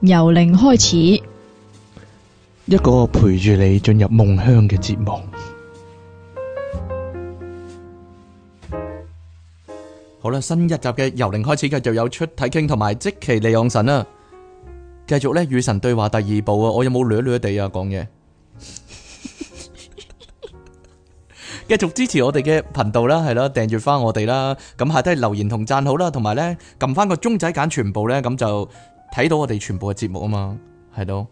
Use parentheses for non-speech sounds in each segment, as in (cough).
由零開始，一個陪住你進入夢鄉嘅節目。好啦，新一集嘅由零開始繼續有出體傾同埋即期利用神啦。繼續咧與神對話第二部啊！我有冇略略地啊講嘢？繼 (laughs) 續支持我哋嘅頻道啦，係啦，訂閱翻我哋啦。咁下低留言同讚好啦，同埋咧撳翻個鐘仔揀全部咧，咁就，睇到我哋全部嘅節目啊嘛，係咯，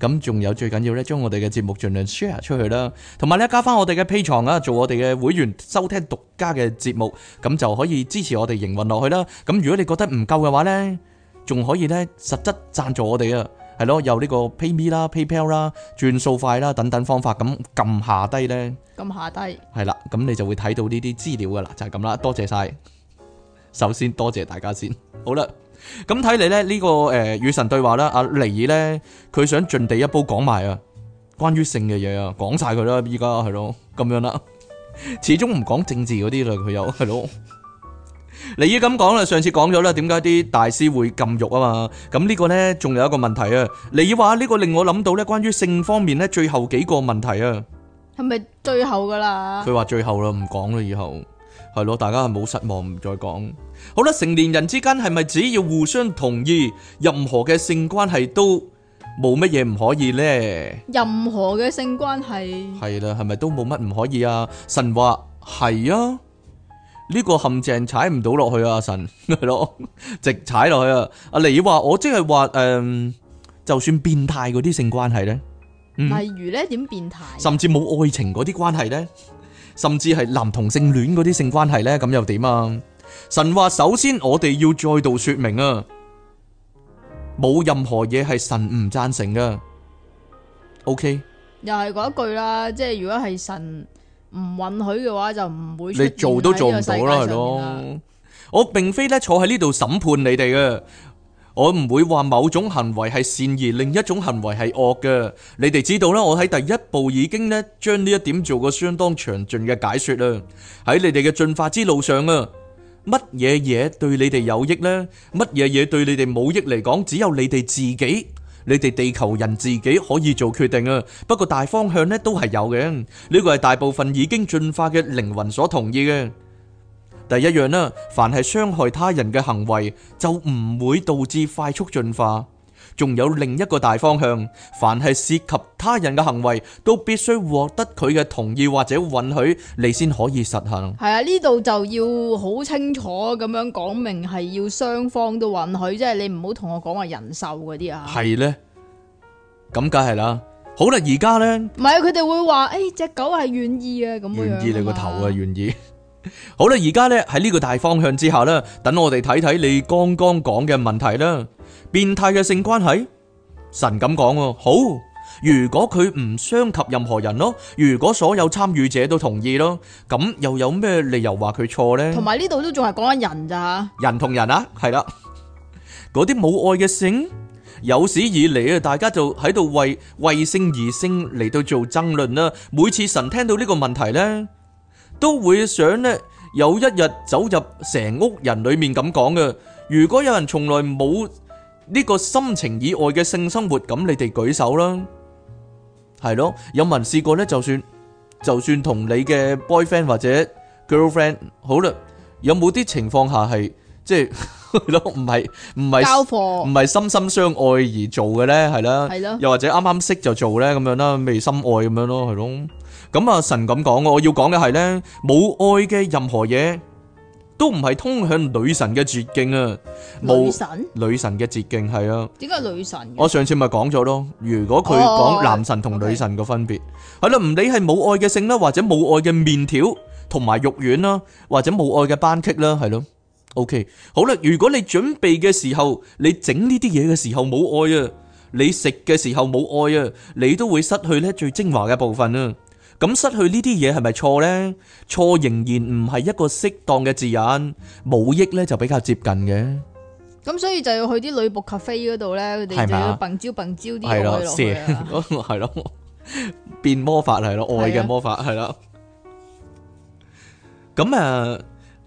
咁仲有最緊要呢，將我哋嘅節目盡量 share 出去啦，同埋呢，加翻我哋嘅 pay 牆啊，做我哋嘅會員收聽獨家嘅節目，咁就可以支持我哋營運落去啦。咁如果你覺得唔夠嘅話呢，仲可以呢，實質贊助我哋啊，係咯，有呢個 PayMe 啦、PayPal 啦、轉數快啦等等方法，咁撳下低呢，撳下低，係啦，咁你就會睇到呢啲資料噶啦，就係咁啦，多謝晒，首先多謝大家先，好啦。咁睇嚟咧，呢、這個誒與、呃、神對話啦，阿、啊、尼爾呢，佢想盡地一步講埋啊，關於性嘅嘢啊，講晒佢啦，依家係咯，咁樣啦，始終唔講政治嗰啲啦，佢又係咯。 (laughs) 尼爾咁講啦，上次講咗啦，點解啲大師會禁欲啊嘛？咁、這、呢個呢，仲有一個問題啊。尼爾話呢個令我諗到呢關於性方面呢最後幾個問題啊，係咪最後噶啦？佢話最後啦，唔講啦，以後係咯，大家冇失望，唔再講。好啦，成年人之間係咪只要互相同意，任何嘅性關係都冇乜嘢唔可以呢？任何嘅性關係係啦，係咪都冇乜唔可以啊？神話，係啊，呢個陷阱踩唔到落去啊，神係咯，直踩落去啊。阿你話我即係話誒，就算變態嗰啲性關係呢，例如呢點變態，甚至冇愛情嗰啲關係呢，甚至係男同性戀嗰啲性關係呢，咁又點啊？神話首先，我哋要再度說明啊，冇任何嘢係神唔贊成噶。OK，又係嗰句啦，即係如果係神唔允許嘅話，就唔會。你做都做唔到啦，係咯。我並非咧坐喺呢度審判你哋啊，我唔會話某種行為係善而另一種行為係惡嘅。你哋知道啦，我喺第一步已經咧將呢一點做過相當詳盡嘅解說啦。喺你哋嘅進化之路上啊。乜嘢嘢對你哋有益呢？乜嘢嘢對你哋冇益嚟講？只有你哋自己，你哋地球人自己可以做決定啊！不過大方向呢都係有嘅，呢個係大部分已經進化嘅靈魂所同意嘅。第一樣啦，凡係傷害他人嘅行為，就唔會導致快速進化。仲有另一個大方向，凡係涉及他人嘅行為，都必須獲得佢嘅同意或者允許，你先可以實行。係啊，呢度就要好清楚咁樣講明，係要雙方都允許，即係你唔好同我講話人獸嗰啲啊。係呢？咁梗係啦。好啦，而家呢？唔係佢哋會話誒，隻狗係願意啊，咁願意你個頭啊，願意。 (laughs) 好啦，而家呢，喺呢個大方向之下呢，等我哋睇睇你剛剛講嘅問題啦。變態嘅性關係，神咁講喎。好，如果佢唔傷及任何人咯，如果所有參與者都同意咯，咁又有咩理由話佢錯呢？同埋呢度都仲係講緊人咋，吓，人同人啊，係啦。嗰啲冇愛嘅性，有史以嚟，啊，大家就喺度為為性而性嚟到做爭論啦。每次神聽到呢個問題呢，都會想呢，有一日走入成屋人裏面咁講嘅。如果有人從來冇。呢個深情以外嘅性生活，咁你哋舉手啦，係咯？有冇人試過咧？就算就算同你嘅 boyfriend 或者 girlfriend，好啦，有冇啲情況下係即係咯？唔係唔係唔係深深相愛而做嘅咧？係啦，係咯？又或者啱啱識就做咧？咁樣啦，未深愛咁樣咯，係咯？咁啊，神咁講，我要講嘅係咧，冇愛嘅任何嘢，都唔係通向女神嘅捷徑啊！女神女神嘅捷徑係啊！點解女神？我上次咪講咗咯，如果佢講男神同女神嘅分別，係啦，唔理係冇愛嘅性啦，或者冇愛嘅麵條同埋肉丸啦，或者冇愛嘅班戟啦，係咯。OK，好啦，如果你準備嘅時候，你整呢啲嘢嘅時候冇愛啊，你食嘅時候冇愛啊，你都會失去呢最精華嘅部分啊！咁失去呢啲嘢係咪錯咧？錯仍然唔係一個適當嘅字眼，冇益咧就比較接近嘅。咁所以就要去啲女僕咖啡嗰度咧，佢哋就要蹦招蹦招啲愛落去啊。係咪啊？係咯，蛇，係咯，變魔法係咯，愛嘅魔法係啦。咁啊，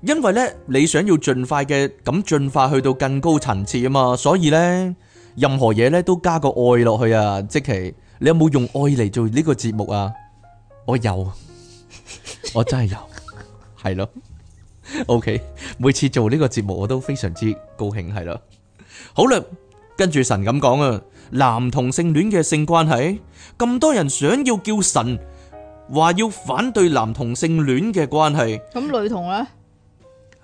因為咧你想要盡快嘅咁進化去到更高層次啊嘛，所以咧任何嘢咧都加個愛落去啊。即其你有冇用愛嚟做呢個節目啊？我有，我真係有，係咯。O K，每次做呢個節目我都非常之高興，係咯。好啦，跟住神咁講啊，男同性戀嘅性關係咁多人想要叫神話要反對男同性戀嘅關係，咁女同呢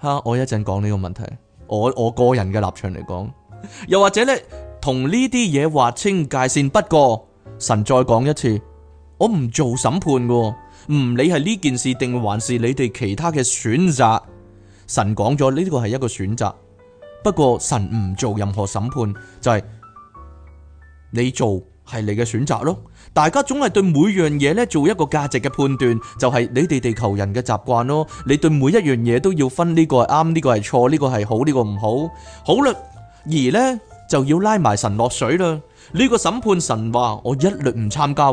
吓？我一陣講呢個問題。我我個人嘅立場嚟講，又或者呢同呢啲嘢劃清界線。不過神再講一次。我唔做審判喎，唔理係呢件事定還是你哋其他嘅選擇。神講咗呢個係一個選擇，不過神唔做任何審判，就係、是、你做係你嘅選擇咯。大家總係對每樣嘢呢做一個價值嘅判斷，就係、是、你哋地球人嘅習慣咯。你對每一樣嘢都要分呢個係啱，呢、這個係錯，呢、這個係好，呢、這個唔好，好啦，而呢就要拉埋神落水啦。呢、這個審判神話我一律唔參加。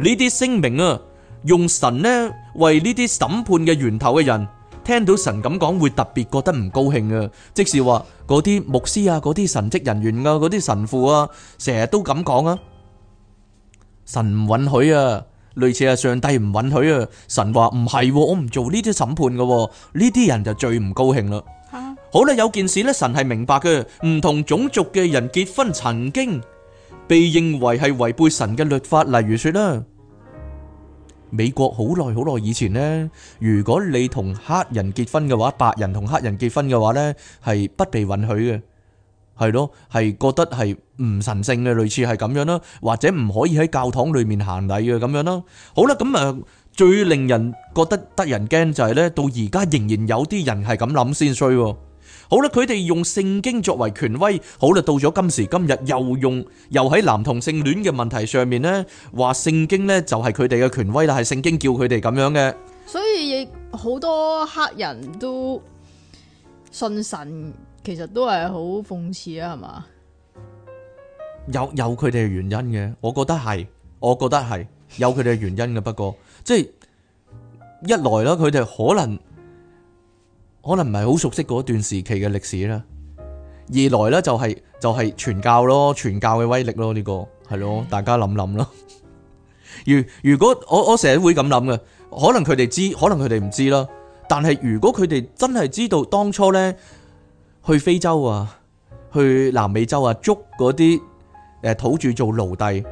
呢啲聲明啊，用神呢為呢啲審判嘅源頭嘅人，聽到神咁講會特別覺得唔高興啊！即是話嗰啲牧師啊，嗰啲神職人員啊，嗰啲神父啊，成日都咁講啊，神唔允許啊，類似啊，上帝唔允許啊，神話唔係，我唔做呢啲審判嘅啊，呢啲人就最唔高興啦。啊，好啦，有件事呢，神係明白嘅，唔同種族嘅人結婚曾經，被認為係違背神嘅律法，例如說啦，美國好耐好耐以前咧，如果你同黑人結婚嘅話，白人同黑人結婚嘅話咧，係不被允許嘅，係咯，係覺得係唔神聖嘅，類似係咁樣咯，或者唔可以喺教堂裏面行禮嘅咁樣咯。好啦，咁啊，最令人覺得得人驚就係咧，到而家仍然有啲人係咁諗先衰。好啦，佢哋用聖經作為權威，好啦，到咗今時今日，又用，又喺男同性戀嘅問題上面呢。話聖經呢，就係佢哋嘅權威，但係聖經叫佢哋咁樣嘅。所以好多黑人都信神，其實都係好諷刺啊，係嘛？有有佢哋嘅原因嘅，我覺得係，我覺得係有佢哋嘅原因嘅，不過即係、就是、一來啦，佢哋可能。可能唔係好熟悉嗰段時期嘅歷史啦，二來呢、就係，就係就係傳教咯，傳教嘅威力咯，呢、呢個係咯，大家諗諗咯。如如果我我成日會咁諗嘅，可能佢哋知，可能佢哋唔知啦。但係如果佢哋真係知道當初呢去非洲啊，去南美洲啊，捉嗰啲誒土著做奴隸，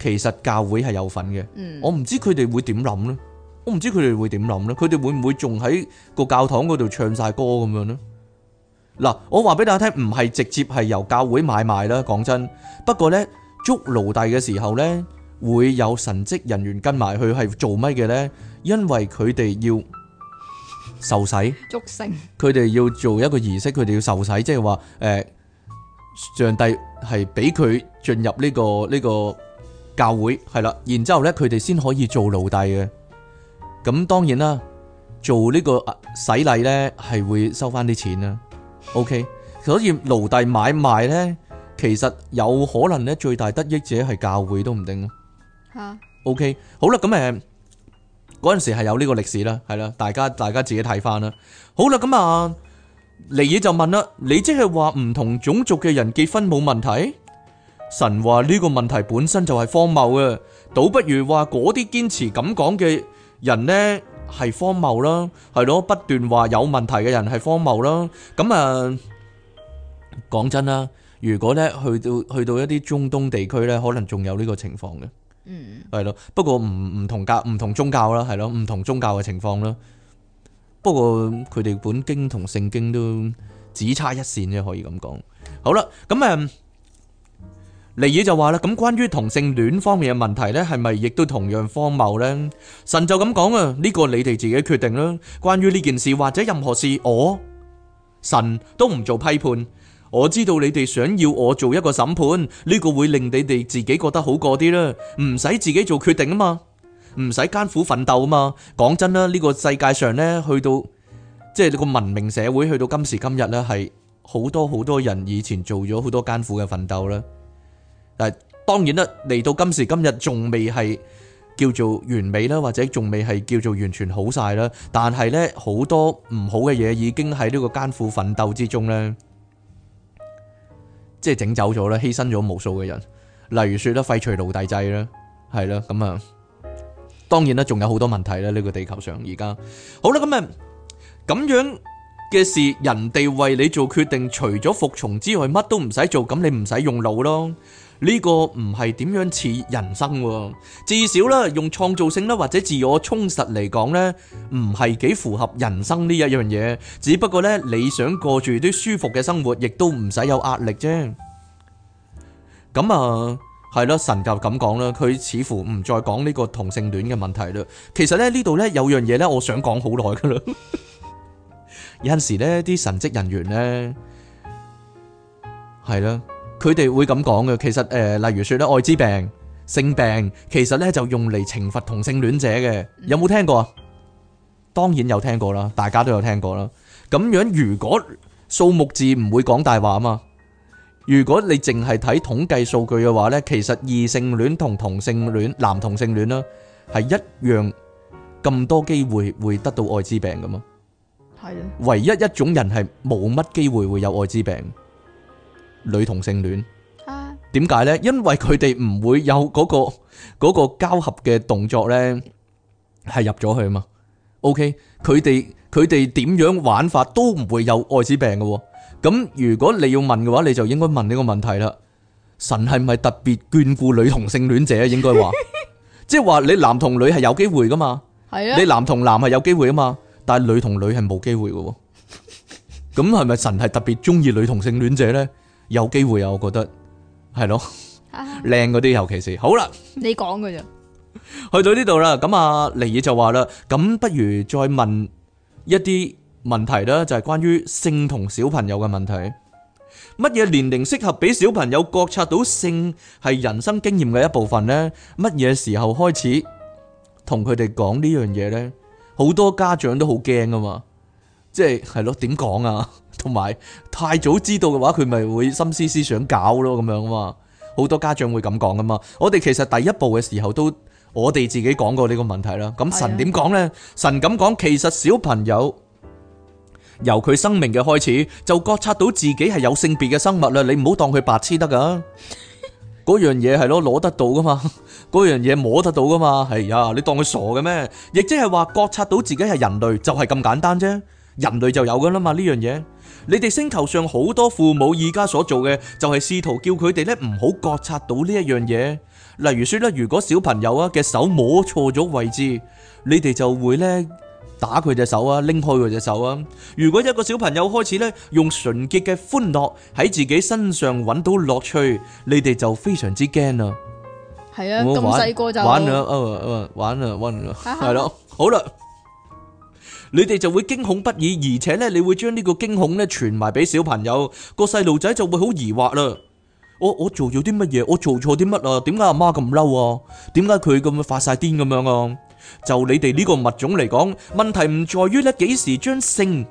其實教會係有份嘅。嗯、我唔知佢哋會點諗咧。我唔知佢哋會點諗呢，佢哋會唔會仲喺個教堂嗰度唱晒歌咁樣呢？嗱，我話俾大家聽，唔係直接係由教會買賣啦。講真，不過呢捉奴隸嘅時候呢，會有神職人員跟埋去係做乜嘅呢？因為佢哋要受洗，祝聖，佢哋要做一個儀式，佢哋要受洗，即係話誒，上帝係俾佢進入呢個呢個教會係啦，然之後呢佢哋先可以做奴隸嘅。咁當然啦，做呢個洗禮咧係會收翻啲錢啦。O K，所以奴隸買賣咧，其實有可能咧最大得益者係教會都唔定咯。吓，O K，好啦，咁誒，嗰陣時係有呢個歷史啦，係啦，大家大家自己睇翻啦。好啦，咁啊，尼爾就問啦，你即係話唔同種族嘅人結婚冇問題？神話呢個問題本身就係荒謬嘅，倒不如話嗰啲堅持咁講嘅。人呢係荒謬啦，係咯，不斷話有問題嘅人係荒謬啦。咁、嗯、啊，講真啦，如果呢去到去到一啲中東地區呢，可能仲有呢個情況嘅，嗯，係咯。不過唔唔同教唔同宗教啦，係咯，唔同宗教嘅情況啦。不過佢哋本經同聖經都只差一線啫，可以咁講。好啦，咁、嗯、誒。嗯尼爾就話啦，咁關於同性戀方面嘅問題呢係咪亦都同樣荒謬呢？神就咁講啊，呢個你哋自己決定啦。關於呢件事或者任何事，我神都唔做批判。我知道你哋想要我做一個審判，呢個會令你哋自己覺得好過啲啦，唔使自己做決定啊嘛，唔使艱苦奮鬥啊嘛。講真啦，呢個世界上呢，去到即係個文明社會，去到今時今日呢，係好多好多人以前做咗好多艱苦嘅奮鬥啦。誒，當然啦，嚟到今時今日，仲未係叫做完美啦，或者仲未係叫做完全好晒啦。但係呢，好多唔好嘅嘢已經喺呢個艱苦奮鬥之中呢，即係整走咗啦，犧牲咗無數嘅人。例如說得廢除奴隸制啦，係啦，咁啊，當然啦，仲有好多問題啦，呢個地球上而家好啦，咁啊，咁樣嘅事，人哋為你做決定，除咗服從之外，乜都唔使做，咁你唔使用腦咯。呢個唔係點樣似人生，至少咧用創造性咧或者自我充實嚟講咧，唔係幾符合人生呢一樣嘢。只不過咧，你想過住啲舒服嘅生活，亦都唔使有壓力啫。咁啊，係囉，神就咁講啦，佢似乎唔再講呢個同性戀嘅問題啦。其實咧呢度咧有樣嘢咧，我想講好耐噶啦。有陣時咧啲神職人員咧，係啦。佢哋會咁講嘅，其實誒，例如說咧，艾滋病、性病，其實咧就用嚟懲罰同性戀者嘅，有冇聽過啊？當然有聽過啦，大家都有聽過啦。咁樣如果數目字唔會講大話啊嘛，如果你淨係睇統計數據嘅話咧，其實異性戀同同性戀、男同性戀啦，係一樣咁多機會會得到艾滋病㗎嘛。係啊，唯一一種人係冇乜機會會有艾滋病女同性戀，點解呢？因為佢哋唔會有嗰個嗰個交合嘅動作呢，係入咗去嘛。O K，佢哋佢哋點樣玩法都唔會有愛滋病噶咁如果你要問嘅話，你就應該問呢個問題啦。神係咪特別眷顧女同性戀者？應該話，即係話你男同女係有機會噶嘛？係啊。你男同男係有機會啊嘛，但係女同女係冇機會噶。咁係咪神係特別中意女同性戀者呢？有機會啊，我覺得係咯，靚嗰啲尤其是好啦。你講噶咋？去到呢度啦，咁啊，尼爾就話啦，咁不如再問一啲問題啦，就係關於性同小朋友嘅問題。乜嘢年齡適合俾小朋友覺察到性係人生經驗嘅一部分呢？乜嘢時候開始同佢哋講呢樣嘢呢？好多家長都好驚噶嘛。即係係咯，點講啊？同埋太早知道嘅話，佢咪會心思思想搞咯，咁樣啊嘛。好多家長會咁講噶嘛。我哋其實第一步嘅時候都我哋自己講過呢個問題啦。咁神點講呢？神咁講，其實小朋友由佢生命嘅開始就覺察到自己係有性別嘅生物啦。你唔好當佢白痴得噶，嗰樣嘢係咯，攞得到噶嘛，嗰樣嘢摸得到噶嘛。係呀，你當佢傻嘅咩？亦即係話覺察到自己係人類就係咁簡單啫。人類就有噶啦嘛，呢樣嘢，你哋星球上好多父母而家所做嘅，就係試圖叫佢哋咧唔好覺察到呢一樣嘢。例如說咧，如果小朋友啊嘅手摸錯咗位置，你哋就會咧打佢隻手啊，拎開佢隻手啊。如果一個小朋友開始咧用純潔嘅歡樂喺自己身上揾到樂趣，你哋就非常之驚啊。係啊，咁細個就玩啦，玩啦，玩啦，係啊，好啦。你哋就會驚恐不已，而且咧，你會將呢個驚恐咧傳埋俾小朋友，個細路仔就會好疑惑啦。我、oh, 我做咗啲乜嘢？我做錯啲乜啊？點解阿媽咁嬲啊？點解佢咁會發晒癲咁樣啊？就你哋呢個物種嚟講，問題唔在於咧幾時將性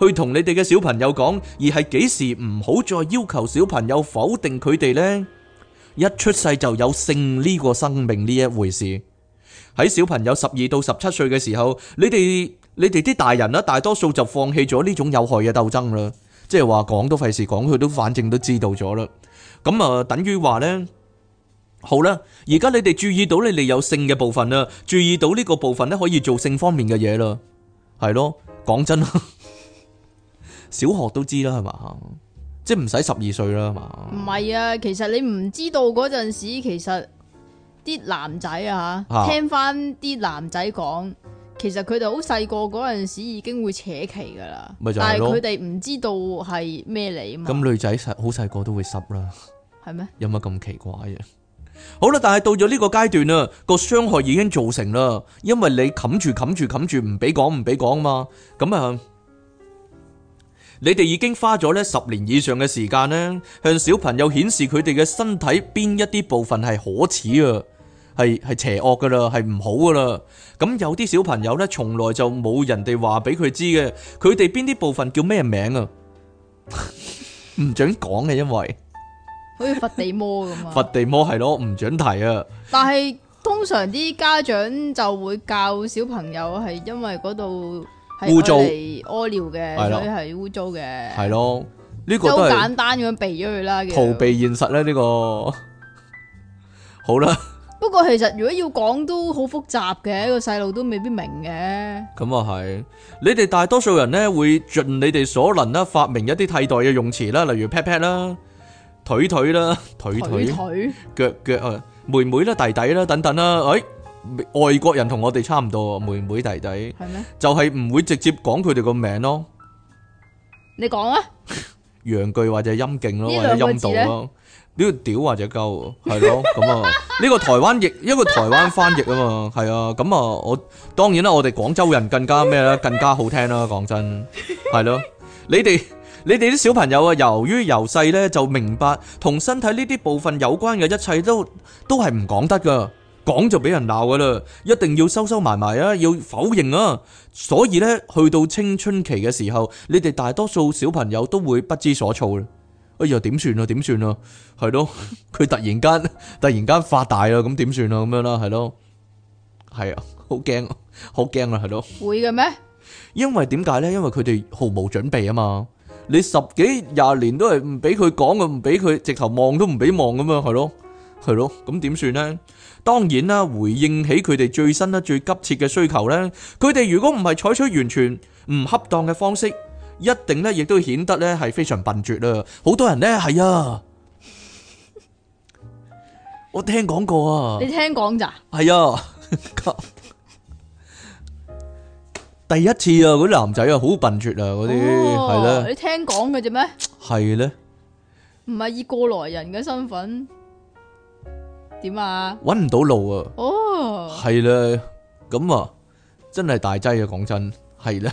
去同你哋嘅小朋友講，而係幾時唔好再要求小朋友否定佢哋呢。一出世就有性呢個生命呢一回事。喺小朋友十二到十七歲嘅時候，你哋你哋啲大人啦，大多數就放棄咗呢種有害嘅鬥爭啦。即係話講都費事講，佢都反正都知道咗啦。咁啊，等於話呢：「好啦，而家你哋注意到你哋有性嘅部分啦，注意到呢個部分呢，可以做性方面嘅嘢啦，係咯，講真啦，小學都知啦，係嘛，即係唔使十二歲啦，係嘛。唔係啊，其實你唔知道嗰陣時，其實。啲男仔啊吓，啊聽翻啲男仔講，其實佢哋好細個嗰陣時已經會扯旗噶啦，但係佢哋唔知道係咩嚟嘛咁女仔好細個都會濕啦，係咩？有乜咁奇怪呀？好啦，但係到咗呢個階段啦，個傷害已經造成啦，因為你冚住冚住冚住唔俾講唔俾講啊嘛，咁啊，你哋已經花咗咧十年以上嘅時間呢，向小朋友顯示佢哋嘅身體邊一啲部分係可恥啊！係係邪惡噶啦，係唔好噶啦。咁有啲小朋友咧，從來就冇人哋話俾佢知嘅，佢哋邊啲部分叫咩名啊？唔准講嘅，因為好似佛地魔咁啊。佛地魔係咯，唔准提啊。但係通常啲家長就會教小朋友，係因為嗰度係污糟，嚟屙尿嘅，所以係污糟嘅。係咯，呢個都係簡單咁樣避咗佢啦。逃避現實啦，呢個好啦。不過其實如果要講都好複雜嘅，個細路都未必明嘅。咁啊係，你哋大多數人咧會盡你哋所能啦，發明一啲替代嘅用詞啦，例如 pat pat 啦、腿腿啦、腿腿、腳腳啊、妹妹啦、弟弟啦等等啦。誒，外國人同我哋差唔多，妹妹弟弟，係咩？就係唔會直接講佢哋個名咯。你講啊，陽具或者陰莖咯，或者陰道咯。呢個屌或者鳩係咯，咁啊？呢個台灣譯一個台灣翻譯啊嘛，係啊咁啊！我當然啦，我哋廣州人更加咩咧？更加好聽啦、啊！講真係咯，你哋你哋啲小朋友啊，由於由細呢就明白同身體呢啲部分有關嘅一切都都係唔講得噶，講就俾人鬧噶啦，一定要收收埋埋啊，要否認啊，所以呢，去到青春期嘅時候，你哋大多數小朋友都會不知所措哎呀，點算啊？點算啊？係咯，佢突然間突然間發大啦，咁點算啊？咁樣啦，係咯，係啊，好驚，好驚啦，係咯。會嘅咩？因為點解咧？因為佢哋毫無準備啊嘛。你十幾廿年都係唔俾佢講，佢唔俾佢直頭望，都唔俾望咁樣，係咯，係咯。咁點算咧？當然啦，回應起佢哋最新啦、最急切嘅需求咧，佢哋如果唔係採取完全唔恰當嘅方式。一定咧，亦都顯得咧係非常笨拙啦。好多人咧係啊，我聽講過啊，你聽講咋？係啊，第一次啊，嗰啲男仔啊，好笨拙啊，嗰啲係咧。你聽講嘅啫咩？係咧，唔係以過來人嘅身份，點啊？搵唔到路啊！哦，係咧，咁啊，真係大劑啊！講真，係咧。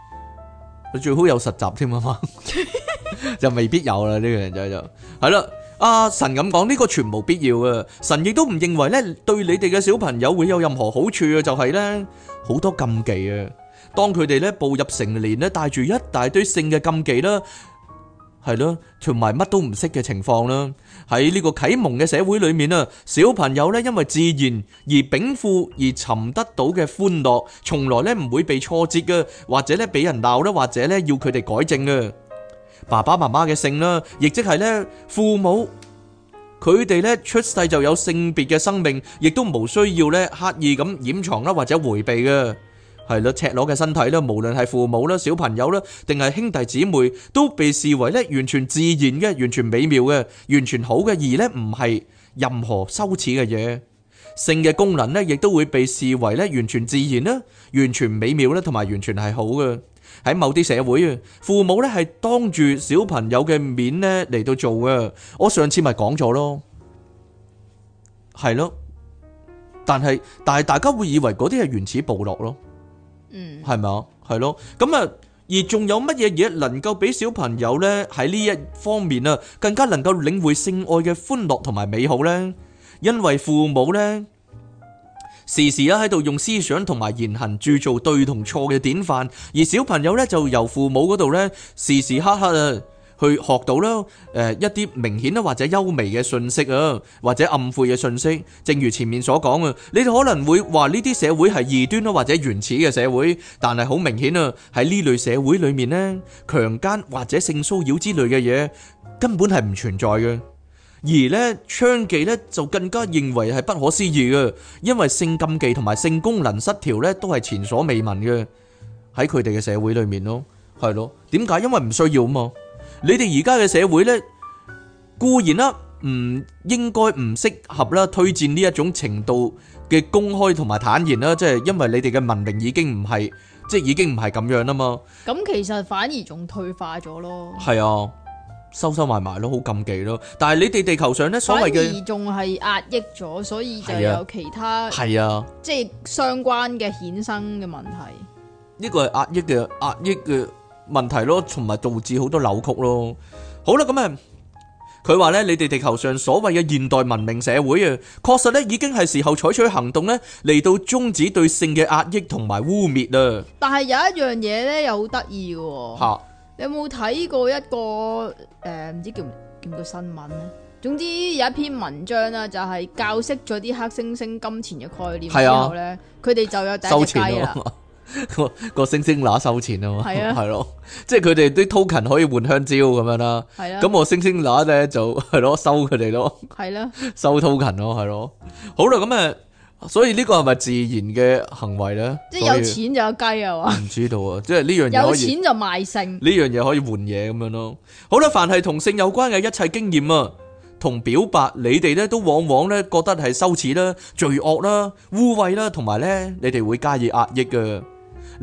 佢最好有實習添啊嘛。 (laughs) 就未必有啦，呢個人仔就係啦。阿、 (laughs) 啊、神咁講呢個全無必要啊，神亦都唔認為呢對你哋嘅小朋友會有任何好處啊，就係呢，好多禁忌啊。當佢哋呢步入成年呢，帶住一大堆性嘅禁忌啦。係咯，同埋乜都唔識嘅情況啦。喺呢個啟蒙嘅社會裏面啊，小朋友咧，因為自然而稟賦而尋得到嘅歡樂，從來咧唔會被挫折嘅，或者咧俾人鬧啦，或者咧要佢哋改正嘅。爸爸媽媽嘅性啦，亦即係咧父母，佢哋咧出世就有性別嘅生命，亦都冇需要咧刻意咁掩藏啦，或者回避嘅。係咯，赤裸嘅身體咧，無論係父母咧、小朋友咧，定係兄弟姊妹，都被視為咧完全自然嘅、完全美妙嘅、完全好嘅，而咧唔係任何羞恥嘅嘢。性嘅功能咧，亦都會被視為咧完全自然啦、完全美妙啦，同埋完全係好嘅。喺某啲社會啊，父母咧係當住小朋友嘅面咧嚟到做嘅。我上次咪講咗咯，係咯，但係但係大家會以為嗰啲係原始部落咯。嗯，係咪，係咯，咁啊，而仲有乜嘢嘢能夠俾小朋友呢？喺呢一方面啊，更加能夠領會性愛嘅歡樂同埋美好呢？因為父母呢，時時啊喺度用思想同埋言行鑄造對同錯嘅典範，而小朋友呢，就由父母嗰度呢，時時刻刻啊。去學到咯，誒一啲明顯啊，或者優微嘅訊息啊，或者暗晦嘅訊息。正如前面所講啊，你哋可能會話呢啲社會係異端咯，或者原始嘅社會，但係好明顯啊，喺呢類社會裡面呢，強奸或者性騷擾之類嘅嘢根本係唔存在嘅。而呢娼妓呢就更加認為係不可思議嘅，因為性禁忌同埋性功能失調呢都係前所未聞嘅喺佢哋嘅社會裡面咯，係咯？點解？因為唔需要啊嘛。你哋而家嘅社會呢，固然啦，唔應該唔適合啦，推薦呢一種程度嘅公開同埋坦然啦，即係因為你哋嘅文明已經唔係，即係已經唔係咁樣啊嘛。咁其實反而仲退化咗咯。係啊，收收埋埋咯，好禁忌咯。但係你哋地球上呢，所謂嘅仲係壓抑咗，所以就有其他係啊，即係相關嘅衍生嘅問題。呢個係壓抑嘅，壓抑嘅，問題咯，同埋導致好多扭曲咯。好啦，咁啊，佢話咧，你哋地球上所謂嘅現代文明社會啊，確實咧已經係時候採取行動咧嚟到終止對性嘅壓抑同埋污衊啦。但係有一樣嘢咧，又好得意嘅。吓、啊，你有冇睇過一個誒唔、呃、知叫唔叫個新聞咧？總之有一篇文章啊，就係教識咗啲黑猩猩金錢嘅概念之後咧，佢哋、啊、就有第一隻雞啦。個個星星乸收錢啊嘛，係咯，即係佢哋啲 token 可以換香蕉咁樣啦。係啦、啊，咁我星星乸咧就係咯收佢哋咯。係啦、啊，收 token 咯，係咯、啊啊。好啦，咁啊，所以呢個係咪自然嘅行為咧？即係有錢就有雞啊？唔 (laughs) 知道啊，即係呢樣嘢，有錢就賣性，呢樣嘢可以換嘢咁樣咯。好啦，凡係同性有關嘅一切經驗啊，同表白，你哋咧都往往咧覺得係羞恥啦、罪惡啦、污穢啦，同埋咧你哋會加以壓抑噶。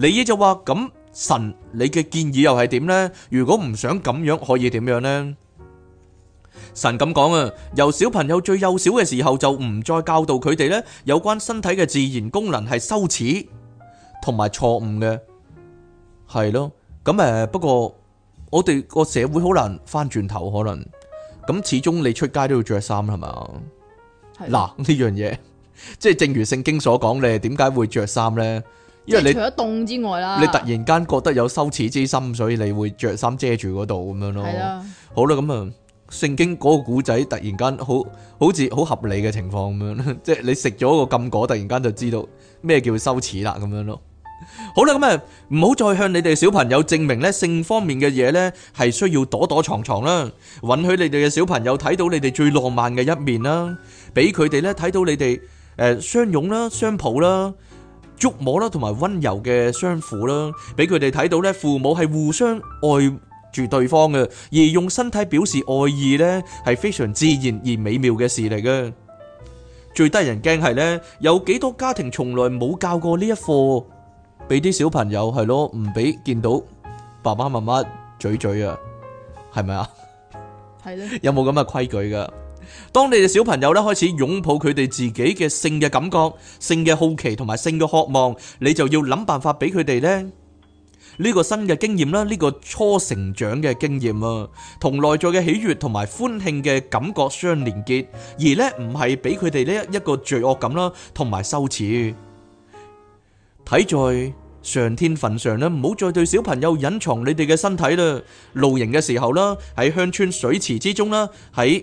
你依就話咁神，你嘅建議又係點呢？如果唔想咁樣，可以點樣呢？神咁講啊，由小朋友最幼小嘅時候就唔再教導佢哋呢有關身體嘅自然功能係羞恥同埋錯誤嘅，係咯。咁誒，不過我哋個社會好難翻轉頭，可能咁始終你出街都要着衫，係嘛？嗱呢樣嘢，即係正如聖經所講，你點解會着衫呢？因為你除咗凍之外啦，你突然間覺得有羞恥之心，所以你會着衫遮住嗰度咁樣咯。係啊，好啦，咁啊，聖經嗰個古仔突然間好好似好合理嘅情況咁樣，即係你食咗個禁果，突然間就知道咩叫羞恥啦咁樣咯。好啦，咁啊，唔好再向你哋小朋友證明咧性方面嘅嘢咧係需要躲躲藏藏啦，允許你哋嘅小朋友睇到你哋最浪漫嘅一面啦，俾佢哋咧睇到你哋誒相擁啦、相抱啦。觸摸啦，同埋溫柔嘅相撫啦，俾佢哋睇到咧，父母係互相愛住對方嘅，而用身體表示愛意咧，係非常自然而美妙嘅事嚟嘅。最得人驚係咧，有幾多家庭從來冇教過呢一課，俾啲小朋友係咯，唔俾見到爸爸媽媽嘴嘴啊，係咪啊？係的有冇咁嘅規矩噶？當你嘅小朋友咧開始擁抱佢哋自己嘅性嘅感覺、性嘅好奇同埋性嘅渴望，你就要諗辦法俾佢哋呢。呢個新嘅經驗啦，呢、呢個初成長嘅經驗啊，同內在嘅喜悅同埋歡慶嘅感覺相連結，而呢唔係俾佢哋呢一一個罪惡感啦，同埋羞恥。睇在上天份上呢唔好再對小朋友隱藏你哋嘅身體啦。露營嘅時候啦，喺鄉村水池之中啦，喺。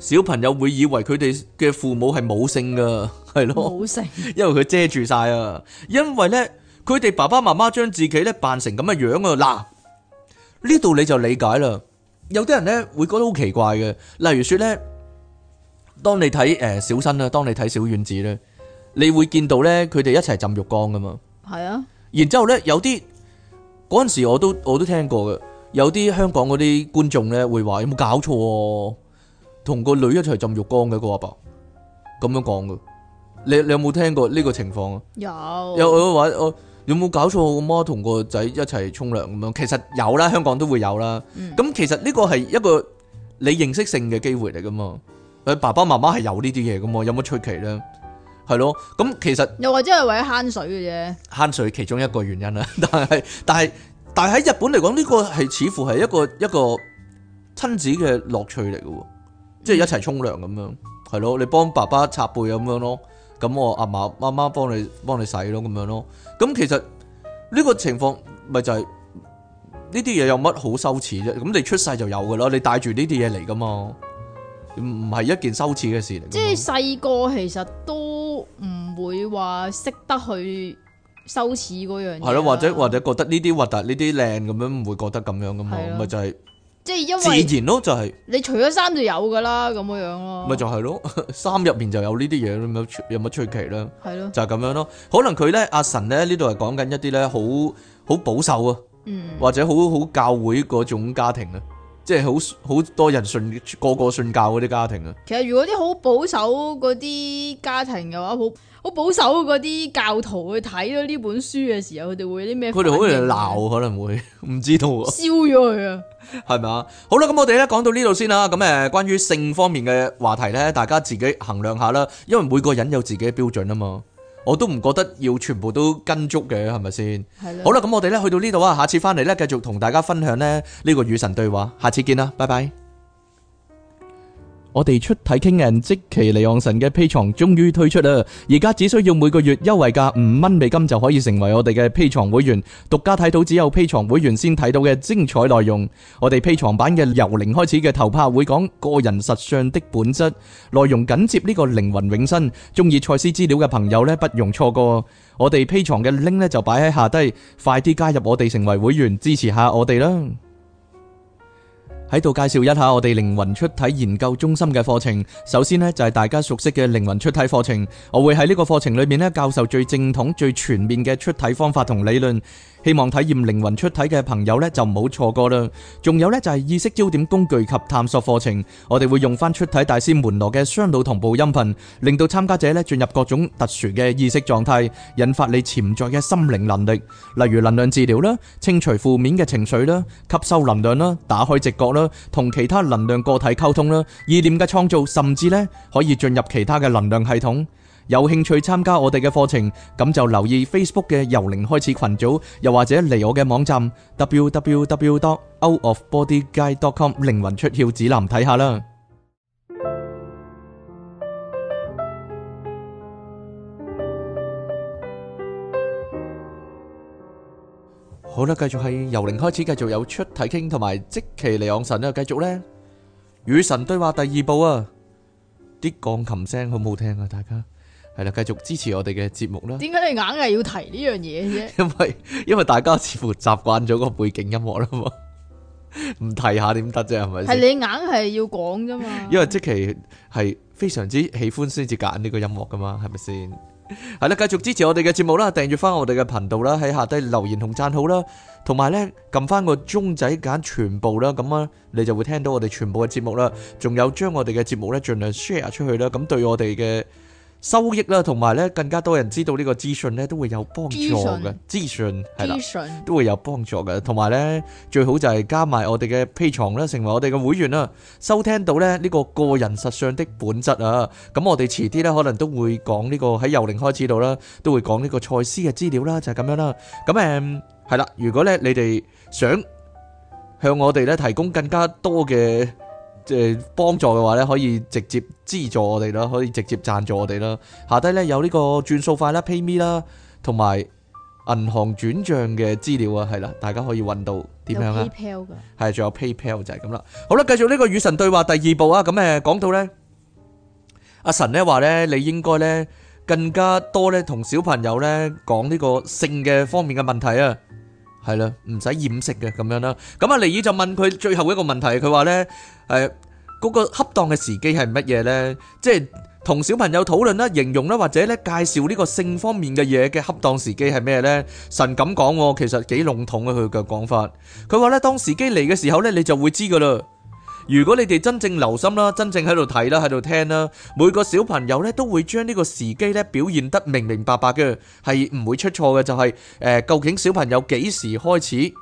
小朋友會以為佢哋嘅父母係冇性噶，係咯，冇性，因為佢遮住晒啊。因為咧，佢哋爸爸媽媽將自己咧扮成咁嘅樣啊。嗱，呢度你就理解啦。有啲人咧會覺得好奇怪嘅，例如說咧，當你睇誒小新啦，當你睇小丸子咧，你會見到咧佢哋一齊浸浴缸噶嘛。係啊。然之後咧，有啲嗰陣時我都我都聽過嘅，有啲香港嗰啲觀眾咧會話有冇搞錯啊？同個女一齊浸浴缸嘅，那個阿伯咁樣講嘅，你你有冇聽過呢個情況啊有？有有我我有冇搞錯？咁媽同個仔一齊沖涼咁樣，其實有啦，香港都會有啦。咁、嗯、其實呢個係一個你認識性嘅機會嚟噶嘛？爸爸媽媽係有呢啲嘢噶嘛？有乜出奇咧？係咯，咁其實又或者係為咗慳水嘅啫，慳水其中一個原因啦。但係但係但係喺日本嚟講，呢、這個係似乎係一個一個親子嘅樂趣嚟噶。即係一齊沖涼咁樣，係咯，你幫爸爸擦背咁樣咯，咁我阿嫲，媽媽幫你幫你洗咯咁樣咯，咁其實呢個情況咪就係呢啲嘢有乜好羞恥啫？咁你出世就有噶啦，你帶住呢啲嘢嚟噶嘛，唔係一件羞恥嘅事嚟。即係細個其實都唔會話識得去羞恥嗰樣嘢。係咯，或者或者覺得呢啲核突呢啲靚咁樣，唔會覺得咁樣噶嘛？咁咪是的 就係、是。即係因為自然咯，就係你除咗衫就有噶啦，咁樣樣咯。咪就係咯，衫入邊就有呢啲嘢，有乜出奇咧？係咯，就係咁樣咯。可能佢咧，阿神咧呢度係講緊一啲咧，好好保守啊，嗯、或者好好教會嗰種家庭啊。即係好好多人信個個信教嗰啲家庭啊！其實如果啲好保守嗰啲家庭嘅話，好好保守嗰啲教徒去睇到呢本書嘅時候，佢哋會有啲咩？佢哋好似會鬧，可能會唔知道啊！燒咗佢啊！係咪啊？好啦，咁我哋咧講到呢度先啦。咁誒，關於性方面嘅話題咧，大家自己衡量下啦，因為每個人有自己嘅標準啊嘛。我都唔覺得要全部都跟足嘅，係咪先？係啦。好啦，咁我哋咧去到呢度啊，下次翻嚟呢，繼續同大家分享咧呢個與神對話。下次見啦，拜拜。我哋出體傾嘅即期利昂神嘅 P 牀終於推出啦！而家只需要每個月優惠價五蚊美金就可以成為我哋嘅 P 牀會員，獨家睇到只有 P 牀會員先睇到嘅精彩內容。我哋 P 牀版嘅由零開始嘅頭拍會講個人實相的本質內容，緊接呢個靈魂永生。中意蔡司資料嘅朋友呢，不容錯過。我哋 P 牀嘅拎呢，就擺喺下低，快啲加入我哋成為會員，支持下我哋啦！喺度介紹一下我哋靈魂出體研究中心嘅課程。首先呢就係大家熟悉嘅靈魂出體課程，我會喺呢個課程裏面呢教授最正統、最全面嘅出體方法同理論。希望體驗靈魂出體嘅朋友呢就唔好錯過啦。仲有呢就係意識焦點工具及探索課程，我哋會用翻出體大師門羅嘅雙腦同步音頻，令到參加者呢進入各種特殊嘅意識狀態，引發你潛在嘅心靈能力，例如能量治療啦、清除負面嘅情緒啦、吸收能量啦、打開直覺啦。同其他能量個體溝通啦，意念嘅創造，甚至咧可以進入其他嘅能量系統。有興趣參加我哋嘅課程，咁就留意 Facebook 嘅由零開始群組，又或者嚟我嘅網站 www.outofbodyguide.com 靈魂出竅指南睇下啦。好啦，繼續係由零開始，繼續有出體傾，同埋即期嚟，往神咧，繼續咧與神對話第二部啊！啲鋼琴聲好唔好聽啊？大家係啦，繼續支持我哋嘅節目啦。點解你硬係要提呢樣嘢嘅？ (laughs) 因為因為大家似乎習慣咗個背景音樂啦 (laughs) 嘛，唔提下點得啫？係咪？係你硬係要講噶嘛？因為即期係非常之喜歡先至揀呢個音樂噶嘛，係咪先？係啦，繼續支持我哋嘅節目啦，訂閱翻我哋嘅頻道啦，喺下低留言同讚好啦，同埋呢，撳翻個鐘仔揀全部啦，咁啊你就會聽到我哋全部嘅節目啦，仲有將我哋嘅節目呢盡量 share 出去啦，咁對我哋嘅。收益啦，同埋咧更加多人知道呢個資訊咧都會有幫助嘅資訊係啦，訊都會有幫助嘅。同埋咧最好就係加埋我哋嘅 Patreon 啦，成為我哋嘅會員啦，收聽到咧呢個個人實相的本質啊。咁我哋遲啲咧可能都會講呢、這個喺幼齡開始度啦，都會講呢個賽斯嘅資料啦，就係、是、咁樣啦。咁誒係啦，如果咧你哋想向我哋咧提供更加多嘅。即係幫助嘅話咧，可以直接資助我哋啦，可以直接贊助我哋啦。下低咧有呢個轉數快啦、PayMe 啦，同埋銀行轉賬嘅資料啊，係啦，大家可以搵到點樣啊？PayPal 嘅，係仲有 PayPal 就係咁啦。好啦，繼續呢個與神對話第二部啊，咁咧講到咧，阿神咧話咧，你應該咧更加多咧同小朋友咧講呢個性嘅方面嘅問題啊。係啦，唔使掩飾嘅咁樣啦。咁阿尼爾就問佢最後一個問題，佢話呢，誒、哎，嗰、那個恰當嘅時機係乜嘢呢？即係同小朋友討論啦、形容啦，或者咧介紹呢個性方面嘅嘢嘅恰當時機係咩呢？神咁講、哦，其實幾籠統嘅佢嘅講法。佢話呢，當時機嚟嘅時候呢，你就會知噶啦。如果你哋真正留心啦，真正喺度睇啦，喺度聽啦，每個小朋友咧都會將呢個時機咧表現得明明白白嘅，係唔會出錯嘅。就係誒，究竟小朋友幾時開始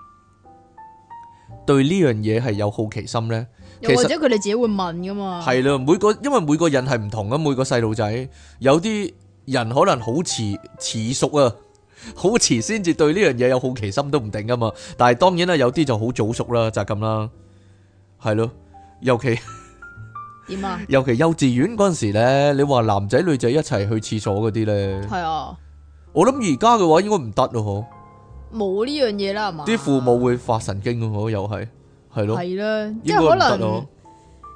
對呢樣嘢係有好奇心咧？又或者佢哋自己會問噶嘛。係啦，每個因為每個人係唔同嘅，每個細路仔有啲人可能好遲遲熟啊，好遲先至對呢樣嘢有好奇心都唔定噶嘛。但係當然啦，有啲就好早熟啦，就係咁啦，係咯。尤其點啊？尤其幼稚園嗰陣時咧，你話男仔女仔一齊去廁所嗰啲咧，係啊。我諗而家嘅話應該唔得咯嗬。冇呢樣嘢啦，係嘛？啲父母會發神經㗎嗬，又係係咯。係啦，啊、即係可能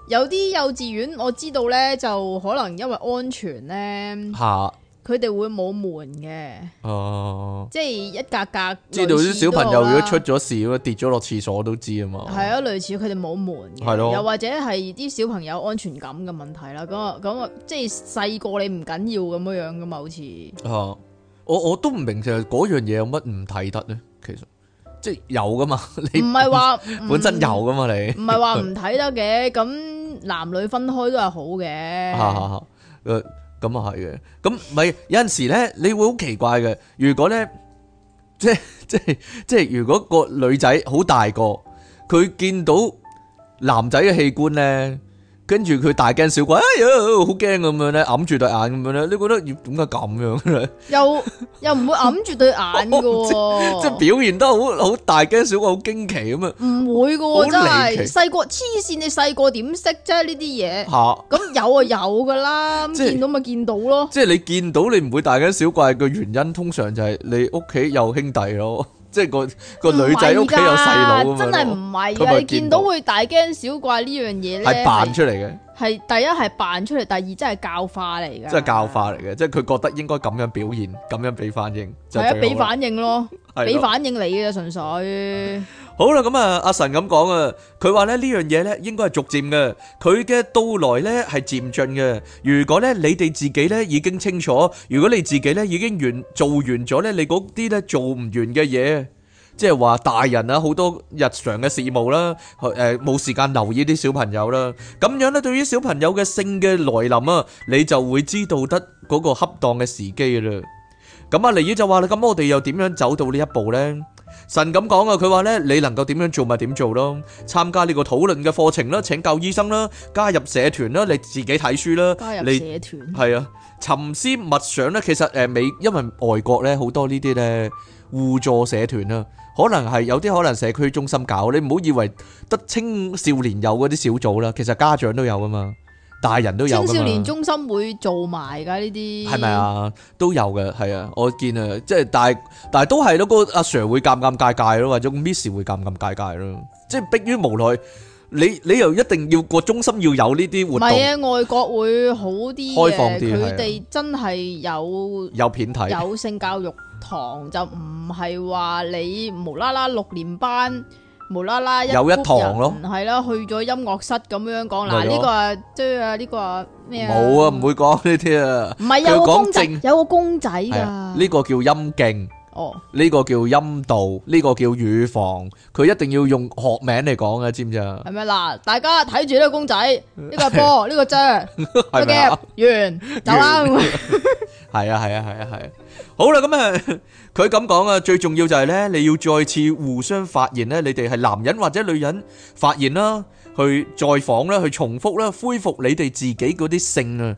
有啲幼稚園我知道咧，就可能因為安全咧吓。啊佢哋會冇門嘅，哦，uh, 即係一格格。知道啲小朋友如果出咗事跌咗落廁所都知啊嘛。係 (laughs) 啊，類似佢哋冇門，係咯，哦，又或者係啲小朋友安全感嘅問題啦。咁啊，咁即係細個你唔緊要咁樣樣噶嘛，好似。啊，我、uh, 我，我都唔明就係嗰樣嘢，有乜唔睇得咧？其實即係有噶嘛， (laughs) 你本。唔係話本身有噶嘛，你唔係話唔睇得嘅，咁 (laughs) 男女分開都係好嘅。Uh, (laughs) 咁啊係嘅，咁唔係有陣時咧，你會好奇怪嘅。如果咧，即係即係即係如果個女仔好大個，佢見到男仔嘅器官咧。跟住佢大驚小怪，哎喲，好驚咁樣咧，揞住對眼咁樣咧，你覺得點解咁樣咧 (laughs) ？又又唔會揞住對眼嘅、啊， (laughs) 即係表現得好好大驚小怪，好驚奇咁啊？唔會嘅，真係細個黐線，你細個點識啫？呢啲嘢吓，咁有就有噶啦，咁見到咪見到咯。 (laughs) 即係你見到你唔會大驚小怪嘅原因，通常就係你屋企有兄弟咯。即係個個女仔屋企有細路真係唔係，你見、見到會大驚小怪呢樣嘢咧，係扮出嚟嘅。係第一係扮出嚟，第二真係教化嚟嘅。即係教化嚟嘅，即係佢覺得應該咁樣表現，咁樣俾反應就，俾反應咯，俾 (laughs) 的反應你嘅純粹。 (laughs) 好啦，咁啊，阿神咁講啊，佢話咧，呢樣嘢，咧應該係逐漸嘅，佢嘅到來咧係漸進嘅。如果咧你哋自己咧已經清楚，如果你自己咧已經完做完咗咧，你嗰啲咧做唔完嘅嘢，即係話大人啊，好多日常嘅事務啦，誒，冇時間留意啲小朋友啦。咁樣咧，對於小朋友嘅性嘅來臨啊，你就會知道得嗰個恰當嘅時機嘅啦。咁阿尼爾就話啦，咁我哋又點樣走到呢一步咧？神咁講啊，佢話咧，你能夠點樣做咪點做咯，參加呢個討論嘅課程啦，請教醫生啦，加入社團啦，你自己睇書啦，加入社團你係啊，沉思默想咧，其實誒美，因為外國咧好多呢啲咧互助社團啊，可能係有啲可能社區中心搞，你唔好以為得青少年有嗰啲小組啦，其實家長都有噶嘛。大人都有，青少年中心會做埋㗎呢啲，係咪啊？都有嘅，係啊，我見啊，即係但係但係都係咯，個阿 sir 會尷尷尬尬咯，或者 miss 會尷尷尬尬咯，即係迫於無奈，你你又一定要個中心要有呢啲活動。唔係啊，外國會好啲開放啲，佢哋真係有有片睇，有性教育堂就唔係話你無啦啦六年班。無啦啦有一堂咯，係咯，去咗音樂室咁樣講，嗱呢個即係呢個咩啊？冇啊，唔會講呢啲啊。唔係有公仔，有個公仔噶。呢個叫陰莖，哦，呢個叫陰道，呢個叫乳房，佢一定要用學名嚟講嘅，知唔知啊？係咪嗱？大家睇住呢個公仔，呢個係波，呢個啫，個夾完走啦。係啊，係啊，係啊，係啊，啊！好啦，咁、嗯、啊，佢咁講啊，最重要就係呢：你要再次互相發言呢，你哋係男人或者女人發言啦，去再訪啦，去重複啦，恢復你哋自己嗰啲性啊，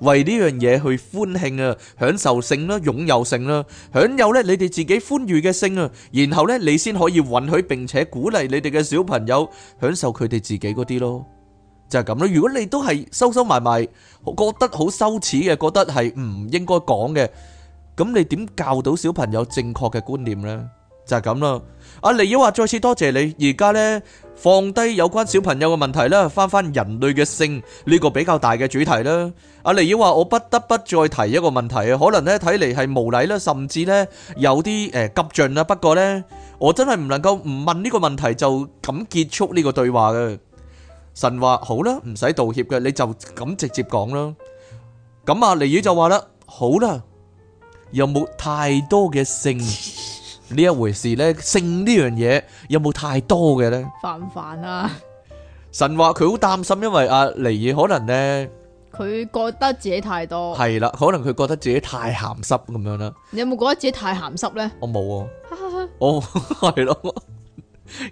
為呢樣嘢去歡慶啊，享受性啦，擁有性啦，享有咧你哋自己歡愉嘅性啊，然後呢，你先可以允許並且鼓勵你哋嘅小朋友享受佢哋自己嗰啲咯。就係咁啦，如果你都係收收埋埋，覺得好羞恥嘅，覺得係唔應該講嘅，咁你點教到小朋友正確嘅觀念呢？就係咁啦。阿黎耀華再次多謝你，而家呢放低有關小朋友嘅問題啦，翻翻人類嘅性呢個比較大嘅主題啦。阿黎耀華，我不得不再提一個問題啊，可能呢睇嚟係無禮啦，甚至呢有啲誒急進啦，不過呢我真係唔能夠唔問呢個問題就咁結束呢個對話嘅。神話，好啦，唔使道歉嘅，你就咁直接講啦。咁、啊、阿尼爾就話啦，好啦，有冇太多嘅性呢 (laughs) 一回事咧？性呢樣嘢有冇太多嘅咧？煩唔煩啊？神話，佢好擔心，因為阿、啊、尼爾可能咧，佢覺得自己太多。係啦，可能佢覺得自己太鹹濕咁樣啦。你有冇覺得自己太鹹濕咧？我冇、哦、啊。哦， (laughs) (laughs) 係咯。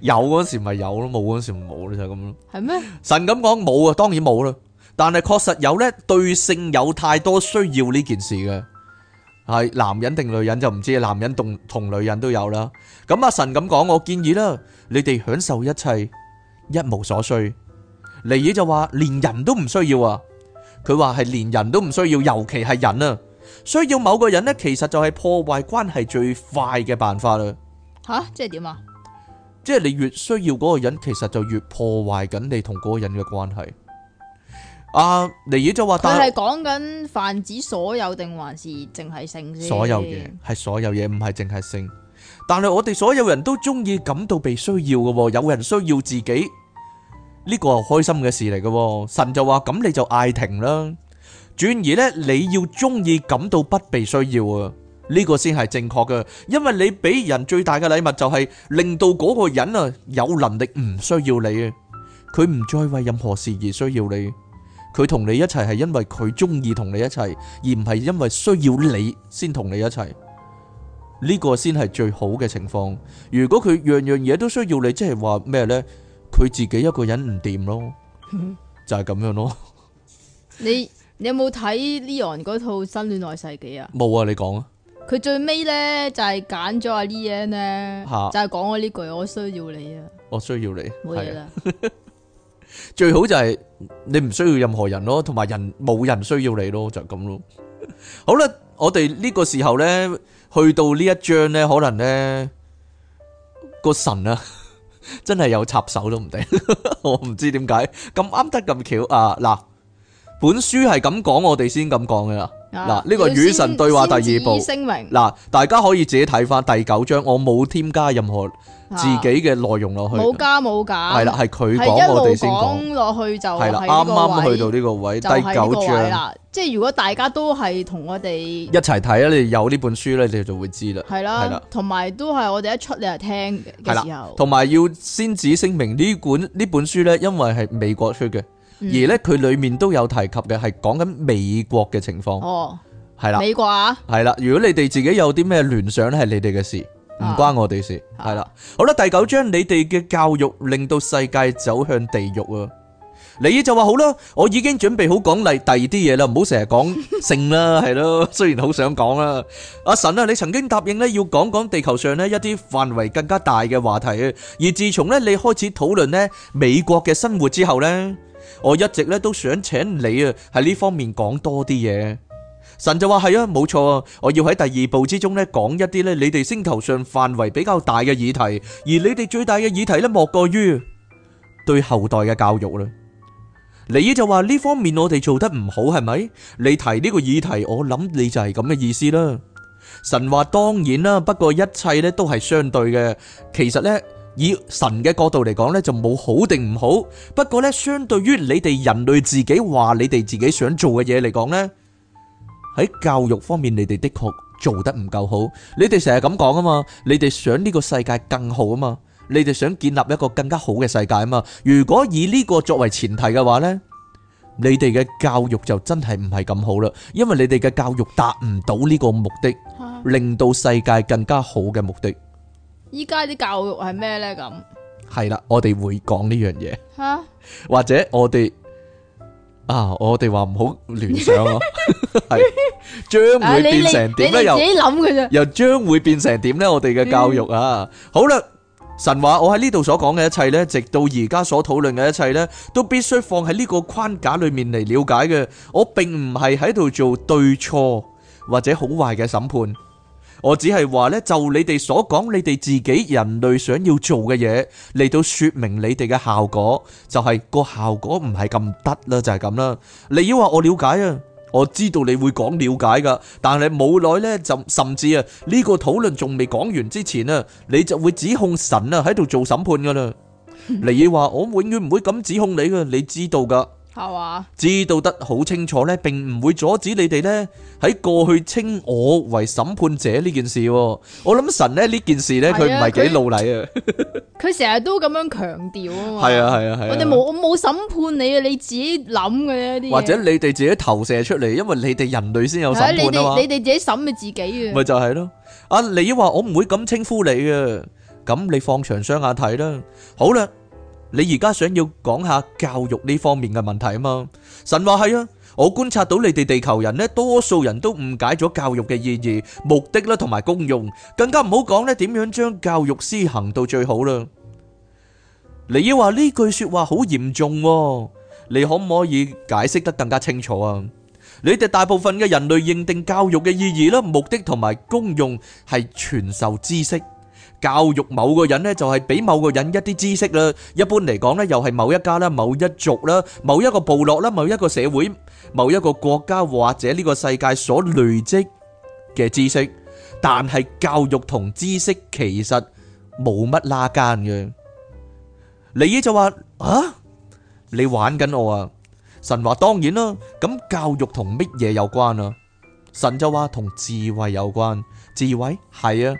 有嗰時咪有咯，冇嗰時冇咯，就係咁咯。係咩？神咁講，冇啊，當然冇啦。但係確實有咧，對性有太多需要呢件事嘅，係男人定女人就唔知，男人同同女人都有啦。咁阿神咁講，我建議啦，你哋享受一切，一無所需。尼耶就話連人都唔需要啊，佢話係連人都唔需要，尤其係人啊，需要某個人呢，其實就係破壞關係最快嘅辦法啦。吓，即係點啊？即係你越需要嗰個人，其實就越破壞緊你同嗰個人嘅關係。阿尼爾就話，佢係講緊泛指所有定還是淨係性先？所有嘢係所有嘢，唔係淨係性。但係我哋所有人都中意感到被需要嘅，有人需要自己，呢個係開心嘅事嚟嘅。神就話咁，你就嗌停啦。轉而呢，你要中意感到不被需要啊。呢個先係正確嘅，因為你俾人最大嘅禮物就係令到嗰個人啊有能力唔需要你啊，佢唔再為任何事而需要你，佢同你一齊係因為佢中意同你一齊，而唔係因為需要你先同你一齊。呢、呢個先係最好嘅情況。如果佢樣樣嘢都需要你，即係話咩呢？佢自己一個人唔掂咯，嗯、就係咁樣咯你。你你有冇睇 Leon 嗰套新戀愛世紀啊？冇 (laughs) 啊，你講啊。佢最尾咧就係揀咗阿 Leon 咧，就係講我呢句，我需要你啊，我需要你，冇嘢啦。最好就係你唔需要任何人咯，同埋人冇人需要你咯，就咁咯。好啦，我哋呢個時候咧，去到呢一章咧，可能咧個神啊，真係有插手都唔定，我唔知點解咁啱得咁巧啊！嗱，本書係咁講，我哋先咁講嘅啦。嗱，呢個與神對話第二部，嗱、啊，大家可以自己睇翻第九章，我冇添加任何自己嘅內容落去，冇加冇減，係啦，係佢講我哋先講落去就係啦，啱啱去到呢個位，第九章，即係如果大家都係同我哋一齊睇咧，你有呢本書咧，你就會知啦，係啦了，係啦了，同埋都係我哋一出你就聽嘅時候，同埋要先至聲明呢本呢本書咧，因為係美國出嘅。而咧，佢裏面都有提及嘅，係講緊美國嘅情況。哦，係啦的，美國啊，係啦。如果你哋自己有啲咩聯想咧，係你哋嘅事，唔關我哋事。係啦、啊，的好啦，第九章，你哋嘅教育令到世界走向地獄啊！你就話好啦，我已經準備好講嚟第二啲嘢啦，唔好成日講性啦，係咯。 (laughs) 雖然好想講啦，阿神啊，你曾經答應咧要講講地球上呢一啲範圍更加大嘅話題啊。而自從咧你開始討論呢美國嘅生活之後呢。我一直咧都想請你啊，喺呢方面講多啲嘢。神就話係啊，冇錯啊，我要喺第二部之中咧講一啲咧你哋星球上範圍比較大嘅議題，而你哋最大嘅議題咧莫過於對後代嘅教育啦。你就話呢方面我哋做得唔好係咪？你提呢個議題，我諗你就係咁嘅意思啦。神話當然啦，不過一切咧都係相對嘅，其實咧。以神嘅角度嚟講呢，就冇好定唔好。不過呢，相對於你哋人類自己話，你哋自己想做嘅嘢嚟講呢，喺教育方面，你哋的確做得唔夠好。你哋成日咁講啊嘛，你哋想呢個世界更好啊嘛，你哋想建立一個更加好嘅世界啊嘛。如果以呢個作為前提嘅話呢，你哋嘅教育就真係唔係咁好啦，因為你哋嘅教育達唔到呢個目的，令到世界更加好嘅目的。依家啲教育係咩咧？咁係啦，我哋會講呢樣嘢吓，或者我哋啊，我哋話唔好聯想咯，係將會變成點咧？又自己諗嘅啫，又將會變成點咧？我哋嘅教育啊，好啦，神話我喺呢度所講嘅一切咧，直到而家所討論嘅一切咧，都必須放喺呢個框架裏面嚟了解嘅。我並唔係喺度做對錯或者好壞嘅審判。我只係話咧，就你哋所講，你哋自己人類想要做嘅嘢嚟到說明你哋嘅效果，就係、是、個效果唔係咁得啦，就係咁啦。你要話我了解啊，我知道你會講了解噶，但係冇耐呢，就甚至啊呢個討論仲未講完之前啊，你就會指控神啊喺度做審判噶啦。 (laughs) 你要話我永遠唔會咁指控你噶，你知道噶。係嘛？知道得好清楚咧，並唔會阻止你哋咧喺過去稱我為審判者呢件事。我諗神咧呢件事咧，佢唔係幾老禮啊。佢成日都咁樣強調啊。係啊係啊係。我哋冇我冇審判你啊，你自己諗嘅啫。或者你哋自己投射出嚟，因為你哋人類先有審判啊嘛。你哋自己審你自己啊。咪就係咯。阿你話我唔會咁稱呼你嘅，咁你放長雙眼睇啦。好啦。你而家想要講下教育呢方面嘅問題啊嘛？神話係啊，我觀察到你哋地球人呢，多數人都誤解咗教育嘅意義、目的啦，同埋功用，更加唔好講呢點樣將教育施行到最好啦。你要話呢句說話好嚴重喎，你可唔可以解釋得更加清楚啊？你哋大部分嘅人類認定教育嘅意義啦、目的同埋功用係傳授知識。教育某個人咧，就係俾某個人一啲知識啦。一般嚟講咧，又係某一家啦、某一族啦、某一個部落啦、某一個社會、某一個國家或者呢個世界所累積嘅知識。但係教育同知識其實冇乜拉間嘅。你呢就話啊，你玩緊我啊？神話當然啦。咁教育同乜嘢有關啊？神就話同智慧有關。智慧係啊。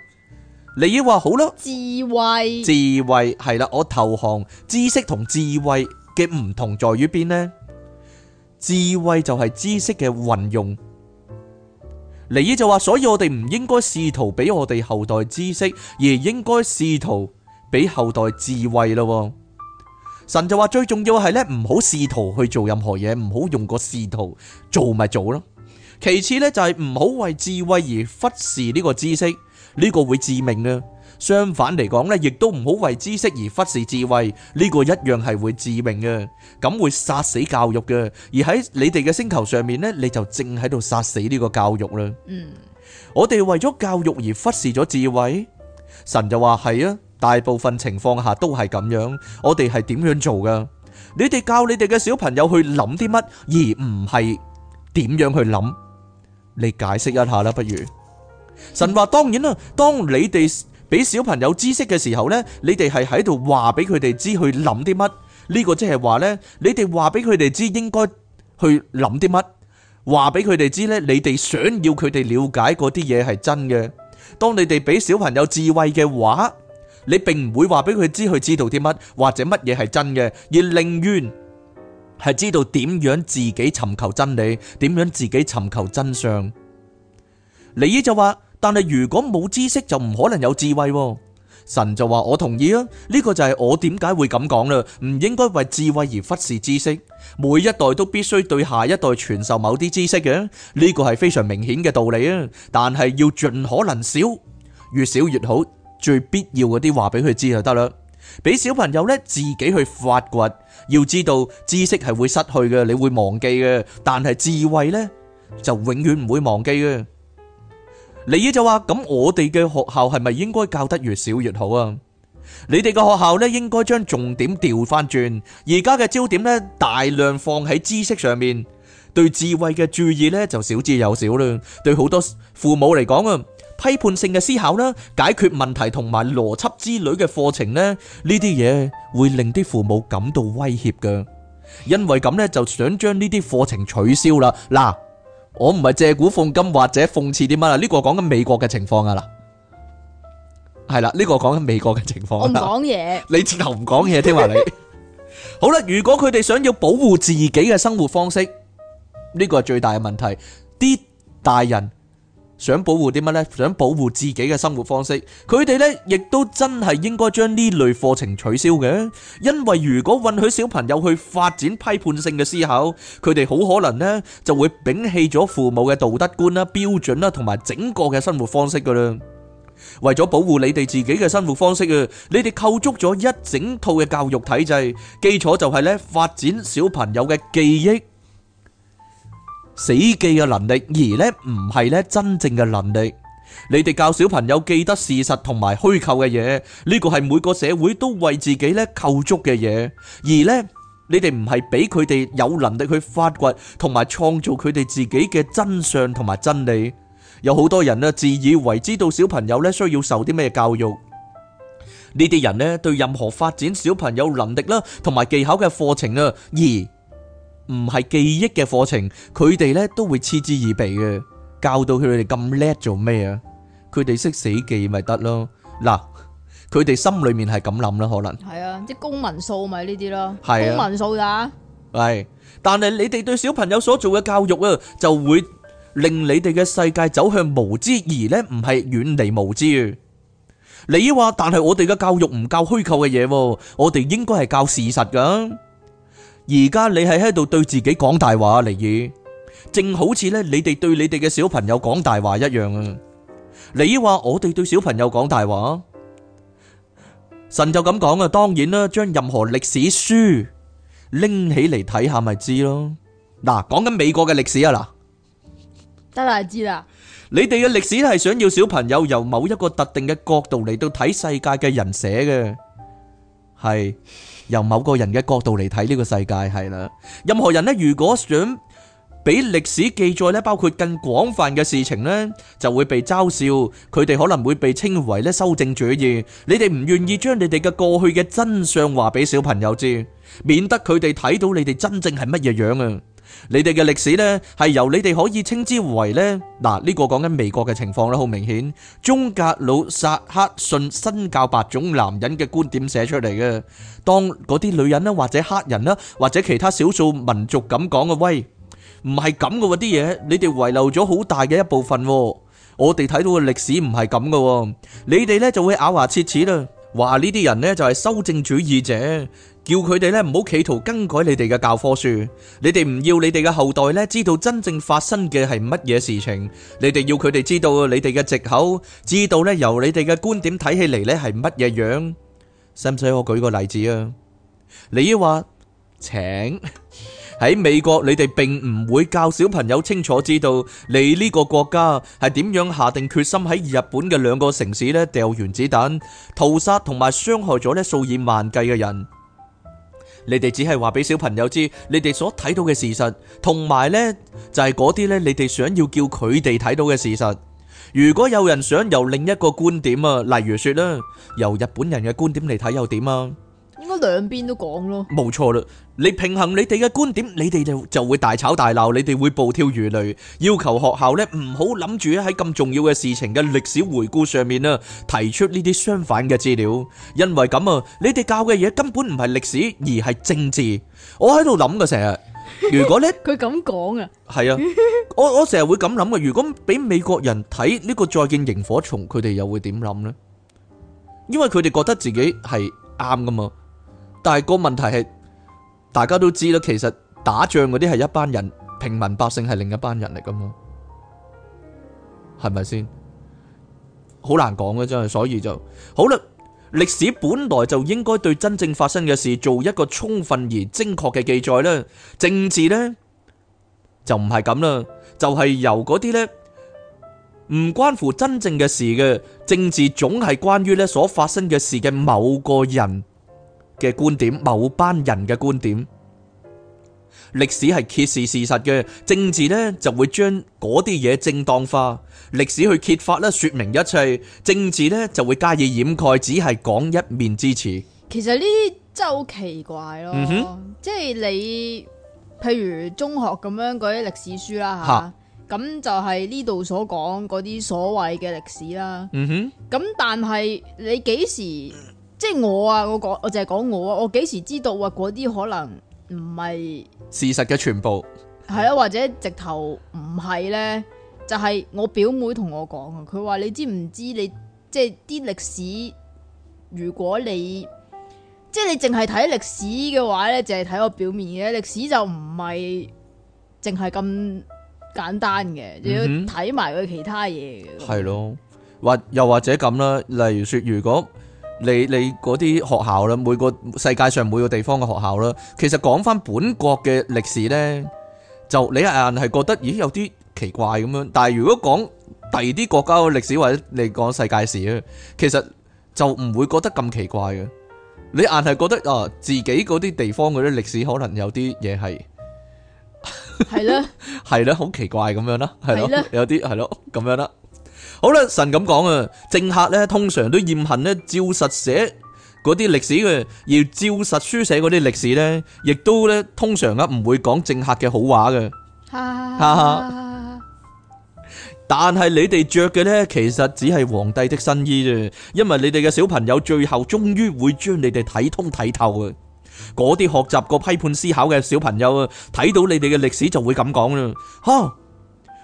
尼爾話好啦，智慧，智慧係啦。我投降，知識同智慧嘅唔同在於邊呢？智慧就係知識嘅運用。尼爾就話，所以我哋唔應該試圖俾我哋後代知識，而應該試圖俾後代智慧咯。神就話最重要係咧，唔好試圖去做任何嘢，唔好用個試圖做咪做咯。其次咧就係唔好為智慧而忽視呢個知識。呢個會致命啊！相反嚟講呢，亦都唔好為知識而忽視智慧，呢個一樣係會致命嘅，咁會殺死教育嘅。而喺你哋嘅星球上面呢，你就正喺度殺死呢個教育啦。嗯，我哋為咗教育而忽視咗智慧，神就話係啊，大部分情況下都係咁樣。我哋係點樣做噶？你哋教你哋嘅小朋友去諗啲乜，而唔係點樣去諗？你解釋一下啦，不如？神話當然啦，當你哋俾小朋友知識嘅時候呢，你哋係喺度話俾佢哋知去諗啲乜？呢個即係話呢，你哋話俾佢哋知應該去諗啲乜，話俾佢哋知呢，你哋想要佢哋了解嗰啲嘢係真嘅。當你哋俾小朋友智慧嘅話，你並唔會話俾佢知去知道啲乜或者乜嘢係真嘅，而寧願係知道點樣自己尋求真理，點樣自己尋求真相。你依就話。但係如果冇知識就唔可能有智慧，神就話，我同意啊！呢個就係我點解會咁講啦。唔應該為智慧而忽視知識，每一代都必須對下一代傳授某啲知識嘅，呢個係非常明顯嘅道理啊！但係要盡可能少，越少越好，最必要嗰啲話俾佢知就得啦。俾小朋友呢，自己去發掘，要知道知識係會失去嘅，你會忘記嘅，但係智慧呢就永遠唔會忘記嘅。你姨就話：咁我哋嘅學校係咪應該教得越少越好啊？你哋嘅學校咧，應該將重點調翻轉，而家嘅焦點咧，大量放喺知識上面，對智慧嘅注意咧就少之又少啦。對好多父母嚟講啊，批判性嘅思考啦，解決問題同埋邏輯之類嘅課程呢，呢啲嘢會令啲父母感到威脅㗎，因為咁呢，就想將呢啲課程取消啦。嗱。我唔係借古諷今或者諷刺啲乜啦，呢個講緊美國嘅情況㗎啦。係啦，呢個講緊美國嘅情況。我唔講嘢。 (laughs) 你直頭唔講嘢，聽話你。好啦，如果佢哋想要保護自己嘅生活方式，呢、這個係最大嘅問題，啲大人。想保護啲乜呢？想保護自己嘅生活方式，佢哋呢亦都真係應該將呢類課程取消嘅，因為如果允許小朋友去發展批判性嘅思考，佢哋好可能呢就會摒棄咗父母嘅道德觀啦、標準啦，同埋整個嘅生活方式噶啦。為咗保護你哋自己嘅生活方式啊，你哋構築咗一整套嘅教育體制，基礎就係呢發展小朋友嘅記憶。死記嘅能力，而呢唔係呢真正嘅能力。你哋教小朋友記得事實同埋虛構嘅嘢，呢個係每個社會都為自己呢構築嘅嘢。而呢，你哋唔係俾佢哋有能力去發掘同埋創造佢哋自己嘅真相同埋真理。有好多人呢自以為知道小朋友呢需要受啲咩教育，呢啲人呢對任何發展小朋友能力啦同埋技巧嘅課程啊而，唔係記憶嘅課程，佢哋咧都會嗤之以鼻嘅。教到佢哋咁叻做咩啊？佢哋識死記咪得咯？嗱，佢哋心裏面係咁諗啦，可能係啊，即公民數咪呢啲咯，公民數咋？係，但係你哋對小朋友所做嘅教育啊，就會令你哋嘅世界走向無知而呢，唔係遠離無知。你話，但係我哋嘅教育唔教虛構嘅嘢，我哋應該係教事實噶。而家你係喺度對自己講大話，尼爾，正好似咧你哋對你哋嘅小朋友講大話一樣啊！你話我哋對小朋友講大話，神就咁講啊！當然啦，將任何歷史書拎起嚟睇下咪知咯。嗱，講緊美國嘅歷史啊，嗱，得啦，知啦。你哋嘅歷史係想要小朋友由某一個特定嘅角度嚟到睇世界嘅人寫嘅，係。由某個人嘅角度嚟睇呢個世界係啦，任何人咧，如果想比歷史記載咧，包括更廣泛嘅事情呢，就會被嘲笑。佢哋可能會被稱為咧修正主義。你哋唔願意將你哋嘅過去嘅真相話俾小朋友知，免得佢哋睇到你哋真正係乜嘢樣啊！你哋嘅歷史呢，係由你哋可以稱之為呢。嗱、這、呢個講緊美國嘅情況啦，好明顯，盎格魯薩克遜新教白種男人嘅觀點寫出嚟嘅。當嗰啲女人啦，或者黑人啦，或者其他少數民族咁講嘅，喂，唔係咁嘅啲嘢，你哋遺留咗好大嘅一部分。我哋睇到嘅歷史唔係咁嘅。你哋呢，就會咬牙切齒啦，話呢啲人呢，就係修正主義者。叫佢哋呢，唔好企圖更改你哋嘅教科書。你哋唔要你哋嘅後代呢，知道真正發生嘅係乜嘢事情。你哋要佢哋知道你哋嘅藉口，知道呢，由你哋嘅觀點睇起嚟呢，係乜嘢樣。使唔使我舉個例子啊？你話請喺 (laughs) 美國，你哋並唔會教小朋友清楚知道你呢個國家係點樣下定決心喺日本嘅兩個城市呢，掉原子彈屠殺，同埋傷害咗呢，數以萬計嘅人。你哋只係話俾小朋友知，你哋所睇到嘅事實，同埋呢就係嗰啲呢，你哋想要叫佢哋睇到嘅事實。如果有人想由另一個觀點啊，例如說啦，由日本人嘅觀點嚟睇，又點啊？應該兩邊都講咯，冇錯啦。你平衡你哋嘅觀點，你哋就就會大吵大鬧，你哋會暴跳如雷，要求學校呢唔好諗住喺咁重要嘅事情嘅歷史回顧上面啊，提出呢啲相反嘅資料。因為咁啊，你哋教嘅嘢根本唔係歷史，而係政治。我喺度諗嘅成日，如果呢，佢咁講啊，係啊，我我成日會咁諗嘅。如果俾美國人睇呢個再見螢火蟲，佢哋又會點諗呢？因為佢哋覺得自己係啱噶嘛。但係個問題係，大家都知啦，其實打仗嗰啲係一班人，平民百姓係另一班人嚟噶嘛，係咪先？好難講嘅真係，所以就好啦。歷史本來就應該對真正發生嘅事做一個充分而精確嘅記載啦。政治呢，就唔係咁啦，就係由嗰啲呢唔關乎真正嘅事嘅政治，總係關於呢所發生嘅事嘅某個人嘅觀點，某班人嘅觀點，歷史係揭示事實嘅，政治呢就會將嗰啲嘢正當化，歷史去揭發咧說明一切，政治呢就會加以掩蓋，只係講一面之詞。其實呢啲真係好奇怪咯，嗯、哼即係你譬如中學咁樣嗰啲歷史書啦吓，咁哈就係呢度所講嗰啲所謂嘅歷史啦。嗯哼，咁但係你幾時？即係我啊！我講我淨係講我啊！我幾時知道啊？嗰啲可能唔係事實嘅全部，係啊，或者直頭唔係咧，就係、是、我表妹同我講啊。佢話你知唔知你？你即係啲歷史，如果你即係你淨係睇歷史嘅話咧，淨係睇我表面嘅歷史就唔係淨係咁簡單嘅，你、嗯、哼要睇埋佢其他嘢嘅。係咯，或又或者咁啦，例如說如果。你你嗰啲學校啦，每個世界上每個地方嘅學校啦，其實講翻本國嘅歷史呢，就你硬係覺得咦有啲奇怪咁樣，但係如果講第二啲國家嘅歷史或者你講世界史咧，其實就唔會覺得咁奇怪嘅。你硬係覺得啊，自己嗰啲地方嗰啲歷史可能有啲嘢係係咧係咧，好奇怪咁樣啦，係咯，有啲係咯咁樣啦。好啦，神咁講啊，政客咧通常都厭恨呢照實寫嗰啲歷史嘅，要照實書寫嗰啲歷史呢，亦都咧通常啊唔會講政客嘅好話嘅，哈哈，但係你哋着嘅呢，其實只係皇帝的新衣啫，因為你哋嘅小朋友最後終於會將你哋睇通睇透嘅，嗰啲學習過批判思考嘅小朋友啊，睇到你哋嘅歷史就會咁講啦，哈、啊。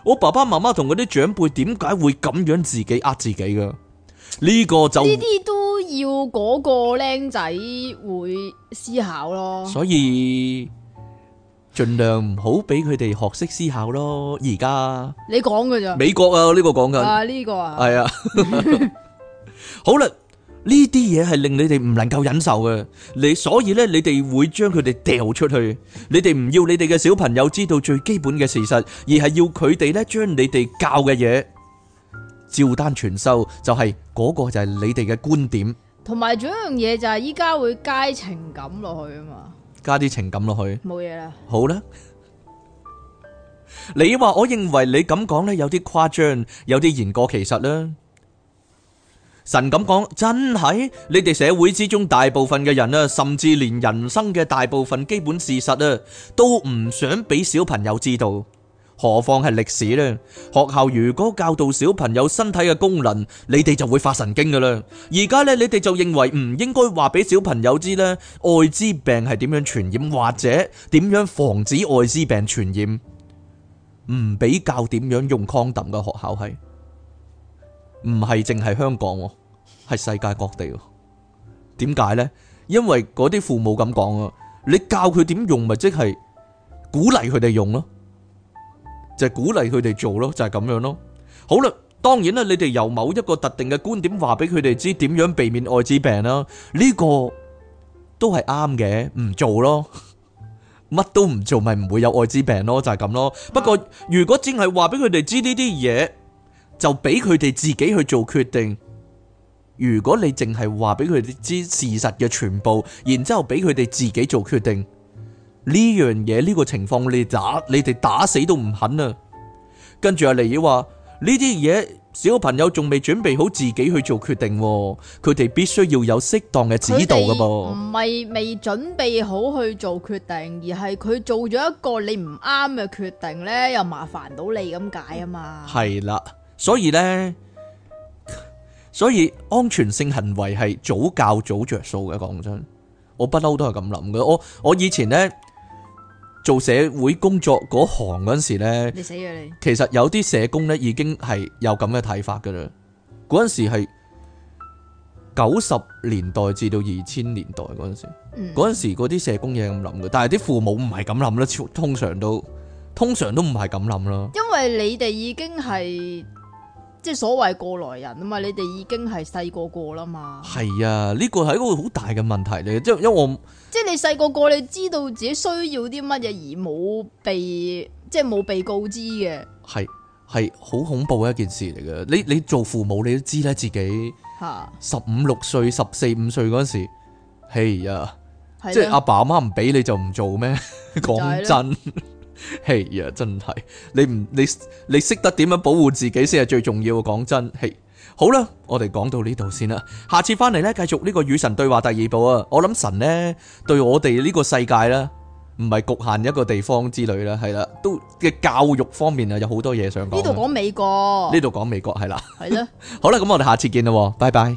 我爸爸媽媽同嗰啲長輩點解會咁樣自己呃自己噶？呢個就呢啲都要嗰個僆仔會思考咯。所以盡量唔好俾佢哋學識思考咯。而家你講噶咋？美國啊呢個講噶啊呢個啊係啊。好啦。呢啲嘢係令你哋唔能夠忍受嘅，你所以呢，你哋會將佢哋掉出去。你哋唔要你哋嘅小朋友知道最基本嘅事實，而係要佢哋呢，將你哋教嘅嘢照單全收。就係、是、嗰個就係你哋嘅觀點。同埋仲有一樣嘢就係依家會加情感落去啊嘛，加啲情感落去。冇嘢啦。好啦吧， (laughs) 你話我認為你咁講呢，有啲誇張，有啲言過其實啦。神咁講，真係你哋社會之中大部分嘅人啊，甚至連人生嘅大部分基本事實啊，都唔想俾小朋友知道，何況係歷史呢？學校如果教導小朋友身體嘅功能，你哋就會發神經噶啦。而家呢，你哋就認為唔應該話俾小朋友知呢，艾滋病係點樣傳染或者點樣防止艾滋病傳染，唔俾教點樣用 condom 嘅學校係。唔係淨係香港喎，係世界各地喎。點解呢？因為嗰啲父母咁講啊，你教佢點用咪即係鼓勵佢哋用咯，就係鼓勵佢哋做咯，就係咁樣咯。好啦，當然啦，你哋由某一個特定嘅觀點話俾佢哋知點樣避免艾滋病啦，呢個都係啱嘅，唔做咯，乜都唔做咪唔會有艾滋病咯，就係咁咯。不過如果淨係話俾佢哋知呢啲嘢。就俾佢哋自己去做決定。如果你淨係話俾佢哋知事實嘅全部，然之後俾佢哋自己做決定，呢樣嘢呢、呢個情況你打你哋打死都唔肯啊！跟住阿黎爾話：呢啲嘢小朋友仲未準備好自己去做決定，啊，佢哋必須要有適當嘅指導噶、啊、噃。唔係未準備好去做決定，而係佢做咗一個你唔啱嘅決定呢，又麻煩到你咁解啊嘛。係啦。所以咧，所以安全性行為係早教早著數嘅。講真，我不嬲都係咁諗嘅。我我以前咧做社會工作嗰行嗰陣時咧，你死咗你。其實有啲社工咧已經係有咁嘅睇法㗎啦。嗰陣時係九十年代至到二千年代嗰陣時，嗰陣時嗰啲社工嘢咁諗嘅，但係啲父母唔係咁諗啦。超通常都通常都唔係咁諗啦。因為你哋已經係。即係所謂過來人啊嘛，你哋已經係細個過啦嘛。係啊，呢個係一個好大嘅問題嚟，即係因為我即係你細個個，你知道自己需要啲乜嘢而冇被即係冇被告知嘅，係係好恐怖嘅一件事嚟嘅。你你做父母你都知咧，自己十五六歲、十四五歲嗰時，係啊，即係阿爸阿媽唔俾你就唔做咩？講真。 (laughs) 係啊，hey, yeah, 真係你唔你你識得點樣保護自己先係最重要。講真，係、hey. 好啦，我哋講到呢度先啦。下次翻嚟，呢，繼續呢個與神對話第二部啊。我諗神呢，對我哋呢個世界呢，唔係局限一個地方之類啦，係啦，都嘅教育方面啊，有好多嘢想講。呢度講美國，呢度講美國，係啦，係啦。的 (laughs) 好啦，咁我哋下次見啦，拜拜。